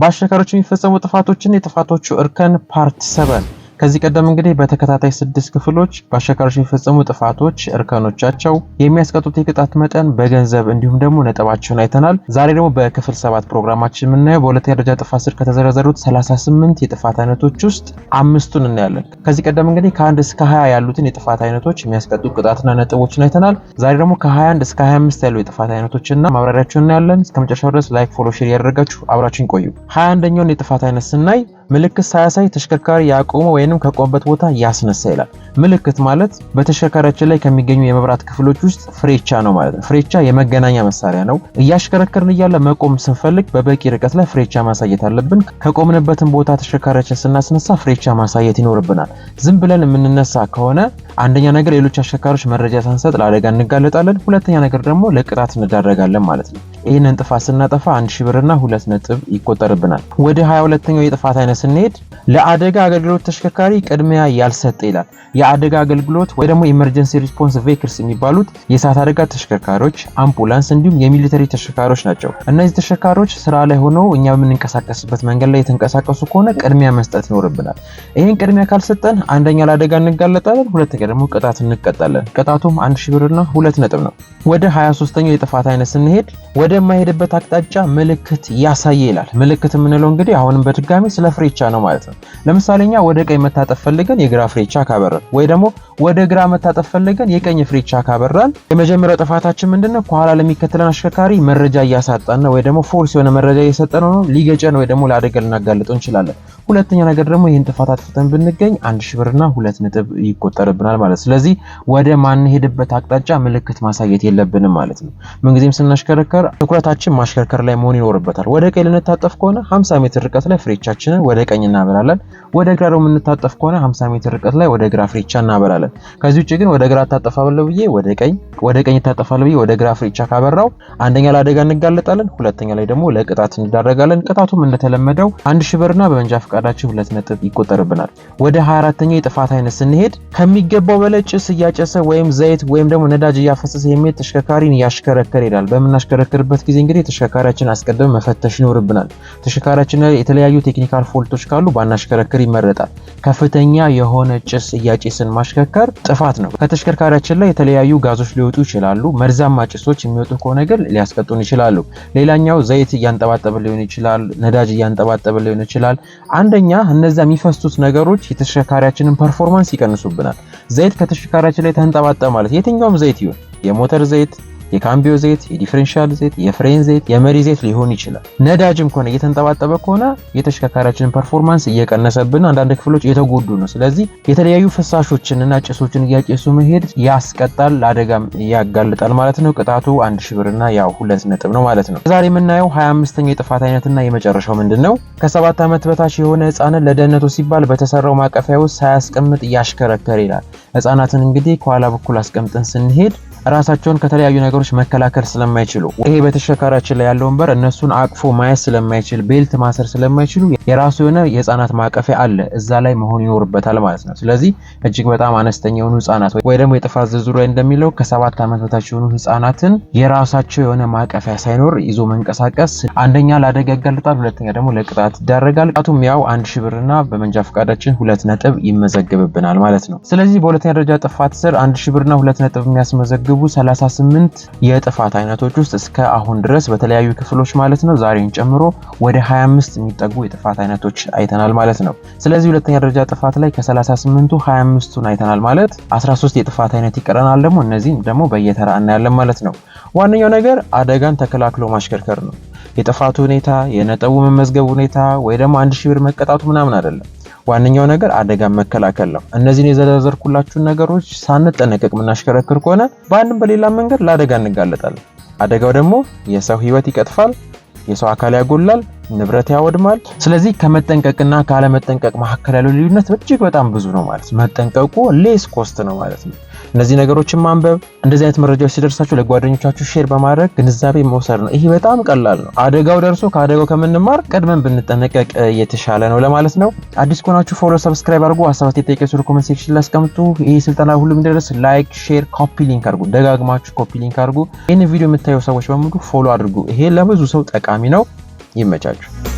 በአሽከርካሪዎች የሚፈጸሙ ጥፋቶችን የጥፋቶቹ እርከን ፓርት 7 ከዚህ ቀደም እንግዲህ በተከታታይ ስድስት ክፍሎች በአሽከርካሪዎች የሚፈጸሙ ጥፋቶች፣ እርከኖቻቸው፣ የሚያስቀጡት የቅጣት መጠን በገንዘብ እንዲሁም ደግሞ ነጥባቸውን አይተናል። ዛሬ ደግሞ በክፍል ሰባት ፕሮግራማችን የምናየው በሁለተኛ ደረጃ ጥፋት ስር ከተዘረዘሩት 38 የጥፋት አይነቶች ውስጥ አምስቱን እናያለን። ከዚህ ቀደም እንግዲህ ከአንድ እስከ 20 ያሉትን የጥፋት አይነቶች የሚያስቀጡ ቅጣትና ነጥቦችን አይተናል። ዛሬ ደግሞ ከ21 እስከ 25 ያሉ የጥፋት አይነቶችና ማብራሪያቸውን እናያለን። እስከ መጨረሻው ድረስ ላይክ፣ ፎሎ፣ ሼር ያደረጋችሁ አብራችን ቆዩ። 21ኛውን የጥፋት አይነት ስናይ ምልክት ሳያሳይ ተሽከርካሪ ያቆመ ወይንም ከቆመበት ቦታ ያስነሳ ይላል። ምልክት ማለት በተሽከርካሪያችን ላይ ከሚገኙ የመብራት ክፍሎች ውስጥ ፍሬቻ ነው ማለት ነው። ፍሬቻ የመገናኛ መሳሪያ ነው። እያሽከረከርን እያለ መቆም ስንፈልግ በበቂ ርቀት ላይ ፍሬቻ ማሳየት አለብን። ከቆምንበትን ቦታ ተሽከርካሪያችን ስናስነሳ ፍሬቻ ማሳየት ይኖርብናል። ዝም ብለን የምንነሳ ከሆነ አንደኛ ነገር ሌሎች አሽከርካሪዎች መረጃ ሳንሰጥ ለአደጋ እንጋለጣለን። ሁለተኛ ነገር ደግሞ ለቅጣት እንዳረጋለን ማለት ነው። ይህንን ጥፋት ስናጠፋ አንድ ሺ ብርና ሁለት ነጥብ ይቆጠርብናል። ወደ ሀያ ሁለተኛው የጥፋት አይነት ስንሄድ ለአደጋ አገልግሎት ተሽከርካሪ ቅድሚያ ያልሰጠ ይላል። የአደጋ አገልግሎት ወይ ደግሞ ኢመርጀንሲ ሪስፖንስ ቬክልስ የሚባሉት የእሳት አደጋ ተሽከርካሪዎች፣ አምቡላንስ እንዲሁም የሚሊተሪ ተሽከርካሪዎች ናቸው። እነዚህ ተሽከርካሪዎች ስራ ላይ ሆነው እኛ በምንንቀሳቀስበት መንገድ ላይ የተንቀሳቀሱ ከሆነ ቅድሚያ መስጠት ይኖርብናል። ይህን ቅድሚያ ካልሰጠን አንደኛ ለአደጋ እንጋለጣለን፣ ሁለተኛ ደግሞ ቅጣት እንቀጣለን። ቅጣቱም አንድ ሺህ ብርና ሁለት ነጥብ ነው። ወደ 23ኛው የጥፋት አይነት ስንሄድ ወደማይሄድበት አቅጣጫ ምልክት ያሳየ ይላል። ምልክት የምንለው እንግዲህ አሁንም በድጋሚ ስለ ፍሬቻ ነው ማለት ነው። ለምሳሌኛ እኛ ወደ ቀኝ መታጠፍ ፈልገን የግራ ፍሬቻ ካበራል፣ ወይ ደግሞ ወደ ግራ መታጠፍ ፈልገን የቀኝ ፍሬቻ ካበራል፣ የመጀመሪያው ጥፋታችን ምንድነው? ከኋላ ለሚከተለን አሽከርካሪ መረጃ እያሳጣን ነው፣ ወይ ደግሞ ፎልስ የሆነ መረጃ እየሰጠን ነው። ሊገጨን ወይ ደግሞ ለአደጋ ልናጋልጠው እንችላለን። ሁለተኛ ነገር ደግሞ ይህን ጥፋት አጥፍተን ብንገኝ አንድ ሺህ ብርና ሁለት ነጥብ ይቆጠርብናል። ማለት። ስለዚህ ወደ ማንሄድበት አቅጣጫ ምልክት ማሳየት የለብንም ማለት ነው። ምንጊዜም ስናሽከረከር ትኩረታችን ማሽከርከር ላይ መሆን ይኖርበታል። ወደ ቀኝ ልንታጠፍ ከሆነ 50 ሜትር ርቀት ላይ ፍሬቻችንን ወደ ቀኝ እናበላለን። ወደ ግራ ደግሞ የምንታጠፍ ከሆነ 50 ሜትር ርቀት ላይ ወደ ግራ ፍሬቻ እናበላለን። ከዚህ ውጭ ግን ወደ ግራ ታጠፋለሁ ብዬ ወደ ቀኝ ወደ ቀኝ ታጠፋለሁ ብዬ ወደ ግራ ፍሬቻ ካበራው አንደኛ ለአደጋ እንጋለጣለን፣ ሁለተኛ ላይ ደግሞ ለቅጣት እንዳረጋለን። ቅጣቱም እንደተለመደው አንድ ሺህ ብርና በመንጃ ፈቃዳችን ሁለት ነጥብ ይቆጠርብናል። ወደ 24ኛው የጥፋት አይነት ስንሄድ ከሚገ ከገባው በላይ ጭስ እያጨሰ ወይም ዘይት ወይም ደግሞ ነዳጅ እያፈሰሰ የሚሄድ ተሽከርካሪን እያሽከረከር ይላል። በምናሽከረክርበት ጊዜ እንግዲህ ተሽከርካሪያችን አስቀድመን መፈተሽ ይኖርብናል። ተሽከርካሪያችን ላይ የተለያዩ ቴክኒካል ፎልቶች ካሉ ባናሽከረክር ይመረጣል። ከፍተኛ የሆነ ጭስ እያጨስን ማሽከርከር ጥፋት ነው። ከተሽከርካሪያችን ላይ የተለያዩ ጋዞች ሊወጡ ይችላሉ። መርዛማ ጭሶች የሚወጡ ከሆነ ግን ሊያስቀጡን ይችላሉ። ሌላኛው ዘይት እያንጠባጠበ ሊሆን ይችላል። ነዳጅ እያንጠባጠበ ሊሆን ይችላል። አንደኛ እነዚያ የሚፈሱት ነገሮች የተሽከርካሪያችንን ፐርፎርማንስ ይቀንሱብናል። ዘይት ከተሽከርካሪያችን ላይ ተንጠባጠበ ማለት የትኛውም ዘይት ይሁን የሞተር ዘይት የካምቢዮ ዘይት፣ የዲፈረንሻል ዘይት፣ የፍሬን ዘይት፣ የመሪ ዘይት ሊሆን ይችላል። ነዳጅም ከሆነ እየተንጠባጠበ ከሆነ የተሽከርካሪያችንን ፐርፎርማንስ እየቀነሰብን አንዳንድ ክፍሎች እየተጎዱ ነው። ስለዚህ የተለያዩ ፍሳሾችን እና ጭሶችን እያጨሱ መሄድ ያስቀጣል፣ አደጋም ያጋልጣል ማለት ነው። ቅጣቱ አንድ ሺህ ብርና ያው ሁለት ነጥብ ነው ማለት ነው። ዛሬ የምናየው 25ኛ የጥፋት አይነትና የመጨረሻው ምንድን ነው? ከሰባት ዓመት በታች የሆነ ህጻንን ለደህንነቱ ሲባል በተሰራው ማቀፊያ ውስጥ ሳያስቀምጥ እያሽከረከር ይላል። ህፃናትን እንግዲህ ከኋላ በኩል አስቀምጠን ስንሄድ ራሳቸውን ከተለያዩ ነገሮች መከላከል ስለማይችሉ ይሄ በተሽከርካሪያችን ላይ ያለውን በር እነሱን አቅፎ ማየት ስለማይችል ቤልት ማሰር ስለማይችሉ የራሱ የሆነ የህፃናት ማቀፊያ አለ እዛ ላይ መሆን ይኖርበታል ማለት ነው። ስለዚህ እጅግ በጣም አነስተኛ የሆኑ ህጻናት ወይ ደግሞ የጥፋት ዝርዝሩ ላይ እንደሚለው ከሰባት ዓመት በታች የሆኑ ህጻናትን የራሳቸው የሆነ ማቀፊያ ሳይኖር ይዞ መንቀሳቀስ አንደኛ ለአደጋ ያጋልጣል፣ ሁለተኛ ደግሞ ለቅጣት ይዳረጋል። ቅጣቱም ያው አንድ ሺህ ብርና በመንጃ ፈቃዳችን ሁለት ነጥብ ይመዘግብብናል ማለት ነው። ስለዚህ በሁለተኛ ደረጃ ጥፋት ስር አንድ ሺህ ብርና ሁለት ነጥብ የሚያስመዘግብ ከሚመዘግቡ 38 የጥፋት አይነቶች ውስጥ እስከ አሁን ድረስ በተለያዩ ክፍሎች ማለት ነው ዛሬን ጨምሮ ወደ 25 የሚጠጉ የጥፋት አይነቶች አይተናል ማለት ነው። ስለዚህ ሁለተኛ ደረጃ ጥፋት ላይ ከ38ቱ 25ቱን አይተናል ማለት 13 የጥፋት አይነት ይቀረናል። ደግሞ እነዚህም ደግሞ በየተራ እናያለን ማለት ነው። ዋነኛው ነገር አደጋን ተከላክሎ ማሽከርከር ነው። የጥፋቱ ሁኔታ፣ የነጠቡ መመዝገብ ሁኔታ ወይ ደግሞ አንድ ሺህ ብር መቀጣቱ ምናምን አይደለም። ዋነኛው ነገር አደጋ መከላከል ነው። እነዚህን የዘረዘርኩላችሁን ነገሮች ሳንጠነቀቅ የምናሽከረክር ከሆነ በአንድም በሌላ መንገድ ለአደጋ እንጋለጣለን። አደጋው ደግሞ የሰው ህይወት ይቀጥፋል፣ የሰው አካል ያጎላል፣ ንብረት ያወድማል። ስለዚህ ከመጠንቀቅና ካለመጠንቀቅ መካከል ያለው ልዩነት እጅግ በጣም ብዙ ነው ማለት ነው። መጠንቀቁ ሌስ ኮስት ነው ማለት ነው። እነዚህ ነገሮችን ማንበብ፣ እንደዚህ አይነት መረጃዎች ሲደርሳችሁ ለጓደኞቻችሁ ሼር በማድረግ ግንዛቤ መውሰድ ነው። ይሄ በጣም ቀላል ነው። አደጋው ደርሶ ከአደጋው ከምንማር ቀድመን ብንጠነቀቅ የተሻለ ነው ለማለት ነው። አዲስ ከሆናችሁ ፎሎ፣ ሰብስክራይብ አድርጉ። ሀሳባት የጠየቀ ኮመንት ሴክሽን ላይ አስቀምጡ። ይህ ስልጠና ሁሉም እንዲደርስ ላይክ፣ ሼር፣ ኮፒ ሊንክ አድርጉ። ደጋግማችሁ ኮፒ ሊንክ አድርጉ። ይህን ቪዲዮ የምታየው ሰዎች በሙሉ ፎሎ አድርጉ። ይሄ ለብዙ ሰው ጠቃሚ ነው። ይመቻችሁ።